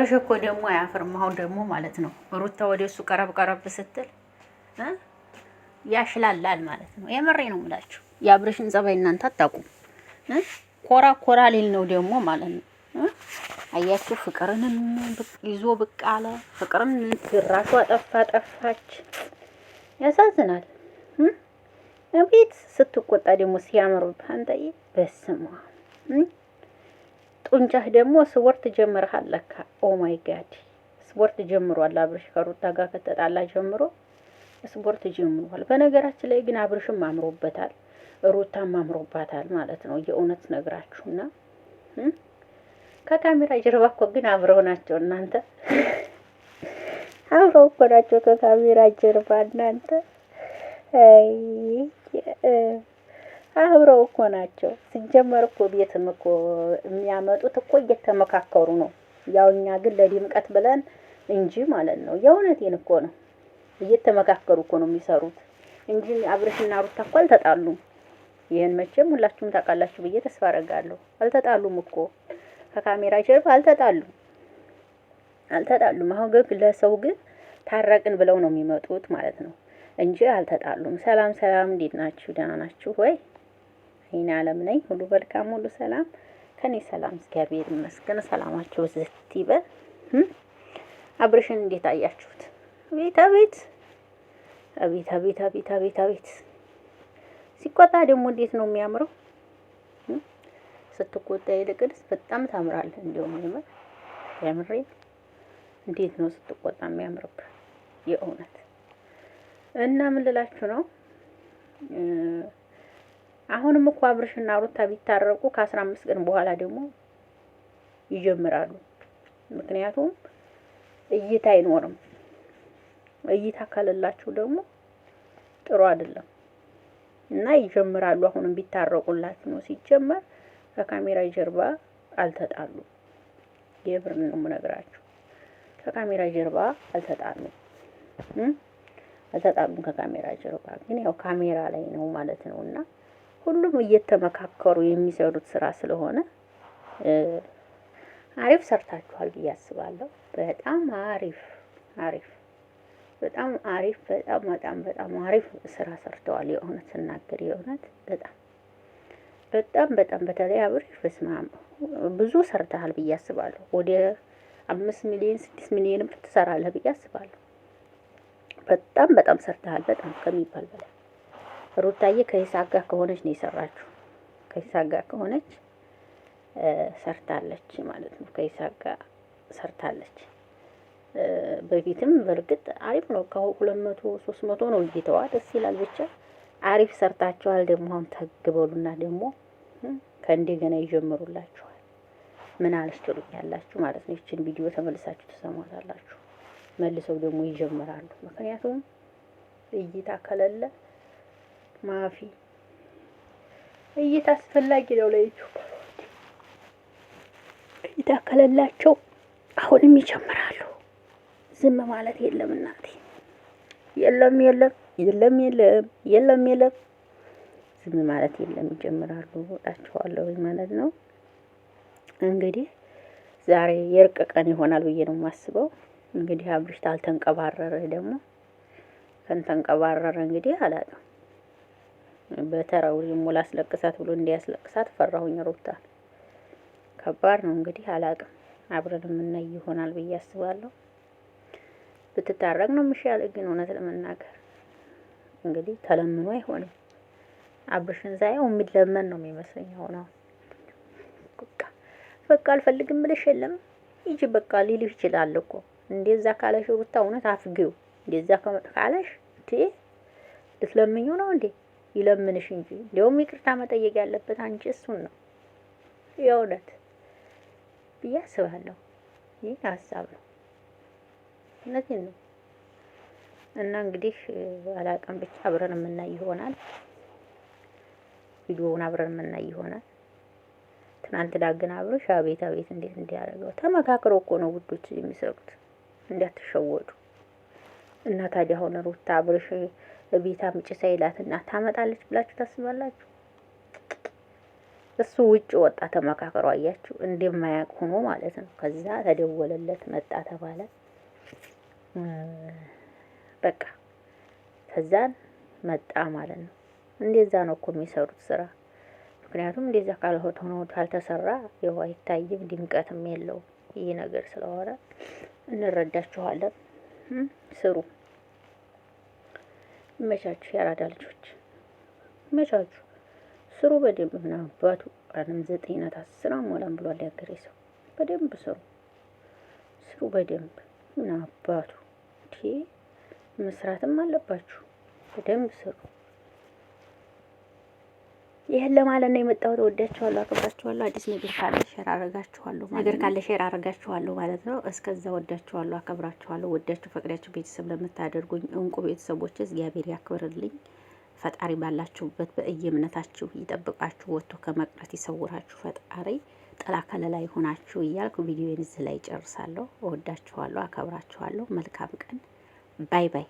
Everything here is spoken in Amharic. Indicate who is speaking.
Speaker 1: አብርሽ እኮ ደግሞ አያፍርም። አሁን ደግሞ ማለት ነው ሩታ ወደ እሱ ቀረብ ቀረብ ስትል ያሽላላል ማለት ነው። የምሬ ነው የምላችሁ። የአብርሽን ጸባይ እናንተ አታውቁም። ኮራ ኮራ ሊል ነው ደግሞ ማለት ነው። አያችሁ ፍቅርንም ይዞ ብቅ አለ። ፍቅርም ድራሹ አጠፋ ጠፋች። ያሳዝናል። ቤት ስትቆጣ ደግሞ ሲያምሩ ። አንተዬ በስማ ጡንቻህ ደግሞ ስፖርት ጀምረሃል ለካ። ኦ oh ማይ ጋድ ስፖርት ጀምሯል አብርሽ። ከሩታ ጋር ከተጣላ ጀምሮ ስፖርት ጀምሯል። በነገራችን ላይ ግን አብርሽም አምሮበታል፣ ሩታም አምሮባታል ማለት ነው። የእውነት ነግራችሁና ከካሜራ ጀርባ እኮ ግን አብረው ናቸው እናንተ አብረው እኮ ናቸው ከካሜራ ጀርባ እናንተ አብረው እኮ ናቸው። ሲጀመር እኮ ቤትም እኮ የሚያመጡት እኮ እየተመካከሩ ነው። ያው እኛ ግን ለድምቀት ብለን እንጂ ማለት ነው። የእውነቴን እኮ ነው። እየተመካከሩ እኮ ነው የሚሰሩት እንጂ አብርሽና ሩታ እኮ አልተጣሉም። ይህን መቼም ሁላችሁም ታውቃላችሁ ብዬ ተስፋ አደርጋለሁ። አልተጣሉም እኮ ከካሜራ ጀርባ አልተጣሉም፣ አልተጣሉም። አሁን ግን ለሰው ግን ታረቅን ብለው ነው የሚመጡት ማለት ነው እንጂ አልተጣሉም። ሰላም ሰላም፣ እንዴት ናችሁ? ደህና ናችሁ ወይ? ይህን አለም ነኝ ሁሉ መልካም ሁሉ ሰላም ከኔ ሰላም እግዚአብሔር ይመስገን። ሰላማችሁ ዝት ይበል። አብርሽን እንዴት አያችሁት? አቤት አቤት አቤት አቤት አቤት አቤት አቤት! ሲቆጣ ደግሞ እንዴት ነው የሚያምረው! ስትቆጣ ይልቅንስ በጣም ታምራል። እንዲሁም የምር የምሬ እንዴት ነው ስትቆጣ የሚያምርብህ የእውነት እና ምን ልላችሁ ነው አሁንም እኮ አብርሽና ሩታ ቢታረቁ ከአስራ አምስት ቀን በኋላ ደግሞ ይጀምራሉ። ምክንያቱም እይታ አይኖርም። እይታ ካለላችሁ ደግሞ ጥሩ አይደለም እና ይጀምራሉ። አሁንም ቢታረቁላችሁ ነው። ሲጀመር ከካሜራ ጀርባ አልተጣሉም። የብር ነው የምነግራችሁ። ከካሜራ ጀርባ አልተጣሉ አልተጣሉም። ከካሜራ ጀርባ ግን ያው ካሜራ ላይ ነው ማለት ነው እና ሁሉም እየተመካከሩ የሚሰሩት ስራ ስለሆነ አሪፍ ሰርታችኋል ብዬ አስባለሁ። በጣም አሪፍ አሪፍ በጣም አሪፍ በጣም በጣም በጣም አሪፍ ስራ ሰርተዋል። የእውነት ስናገር የእውነት በጣም በጣም በጣም በተለይ አብሬሽ በስማ ብዙ ሰርተሃል ብዬ አስባለሁ። ወደ አምስት ሚሊዮን ስድስት ሚሊዮንም ትሰራለህ ብዬ አስባለሁ። በጣም በጣም ሰርተሃል። በጣም ከሚባል በላይ ሩታዬ ከሂሳብ ጋር ከሆነች ነው የሰራችሁ። ከሂሳብ ጋር ከሆነች ሰርታለች ማለት ነው። ከሂሳብ ጋር ሰርታለች። በፊትም በእርግጥ አሪፍ ነው። ከሁለት መቶ ሶስት መቶ ነው እይተዋ፣ ደስ ይላል። ብቻ አሪፍ ሰርታችኋል። ደግሞ አሁን ተግበሉና ደግሞ ከእንደገና ይጀምሩላችኋል። ምን አለች ትሉኛላችሁ ማለት ነው። ይችን ቪዲዮ ተመልሳችሁ ትሰሟታላችሁ። መልሰው ደግሞ ይጀምራሉ። ምክንያቱም እይታ ከሌለ ማፊ እይታ አስፈላጊ ነው ለዩቲዩብ እይታ ከሌላቸው አሁንም ይጀምራሉ። ዝም ማለት የለም እናቴ፣ የለም የለም የለም የለም የለም የለም ዝም ማለት የለም ይጀምራሉ እላችኋለሁ ማለት ነው። እንግዲህ ዛሬ የእርቅ ቀን ይሆናል ብዬ ነው የማስበው። እንግዲህ አብርሽ ታልተንቀባረረ ደግሞ ከንተንቀባረረ እንግዲህ አላለም በተራው ደግሞ ላስለቅሳት ብሎ እንዲያስለቅሳት ፈራሁኝ። ሩታ ከባድ ነው እንግዲህ አላቅም። አብረን የምናይ ይሆናል ብዬ አስባለሁ። ብትታረቅ ነው የሚሻለው፣ ግን እውነት ለመናገር እንግዲህ ተለምኖ አይሆንም። አብርሽን ሳየው የሚለመን ነው የሚመስለኝ። አሁን በቃ አልፈልግም ብለሽ የለም ይጂ በቃ ሊልሽ ይችላል እኮ እንደዛ ካለሽ ሩታ እውነት አፍጊው እንደዛ ካለሽ ልትለምኙ ነው እንዴ? ይለምንሽ እንጂ እንዲያውም ይቅርታ መጠየቅ ያለበት አንቺ እሱን ነው። የእውነት ብዬ አስባለሁ። ይህ ሀሳብ ነው፣ እውነቴን ነው። እና እንግዲህ አላውቅም፣ ብቻ አብረን የምናይ ይሆናል። ቪዲዮውን አብረን የምናይ ይሆናል። ትናንት ዳግን አብረሽ አቤት አቤት እንዴት እንዲያደርገው ተመካክሮ እኮ ነው ውዶች የሚሰሩት፣ እንዲያትሸወዱ እና ታዲያ ሆነ ሩታ አብረሽ ቤት አምጪ ሳይላትና ታመጣለች ብላችሁ ታስባላችሁ? እሱ ውጭ ወጣ ተመካከሩ። አያችሁ እንደማያውቅ ሆኖ ማለት ነው። ከዛ ተደወለለት መጣ ተባለ በቃ ከዛን መጣ ማለት ነው። እንደዛ ነው እኮ የሚሰሩት ስራ። ምክንያቱም እንደዛ ካልሆነ ሆኖ ካልተሰራ ያው አይታይም፣ ድምቀትም የለውም። ይህ ነገር ስለሆነ እንረዳችኋለን። ስሩ ይመቻችሁ። ያራዳ ልጆች ይመቻችሁ። ስሩ በደንብ ምናምን ባቱ አንም ዘጠኝ ናት አስር አሟላም ብሏል ያገሬ ሰው። በደንብ ስሩ ስሩ በደንብ ምናባቱ እንዴ መስራትም አለባችሁ። በደንብ ስሩ። ይህን ለማለት ነው የመጣሁት። ወዳችኋለሁ፣ አከብራችኋለሁ። አዲስ ነገር ካለ ሼር አረጋችኋለሁ፣ ነገር ካለ ሼር አረጋችኋለሁ ማለት ነው። እስከዛ ወዳችኋለሁ፣ አከብራችኋለሁ። ወዳችሁ ፈቅዳችሁ ቤተሰብ ለምታደርጉኝ እንቁ ቤተሰቦች እግዚአብሔር ያክብርልኝ። ፈጣሪ ባላችሁበት በእየእምነታችሁ ይጠብቃችሁ፣ ወጥቶ ከመቅረት ይሰውራችሁ። ፈጣሪ ጥላ ከለላ ይሆናችሁ እያልኩ ቪዲዮን እዚህ ላይ ጨርሳለሁ። ወዳችኋለሁ፣ አከብራችኋለሁ። መልካም ቀን። ባይ ባይ።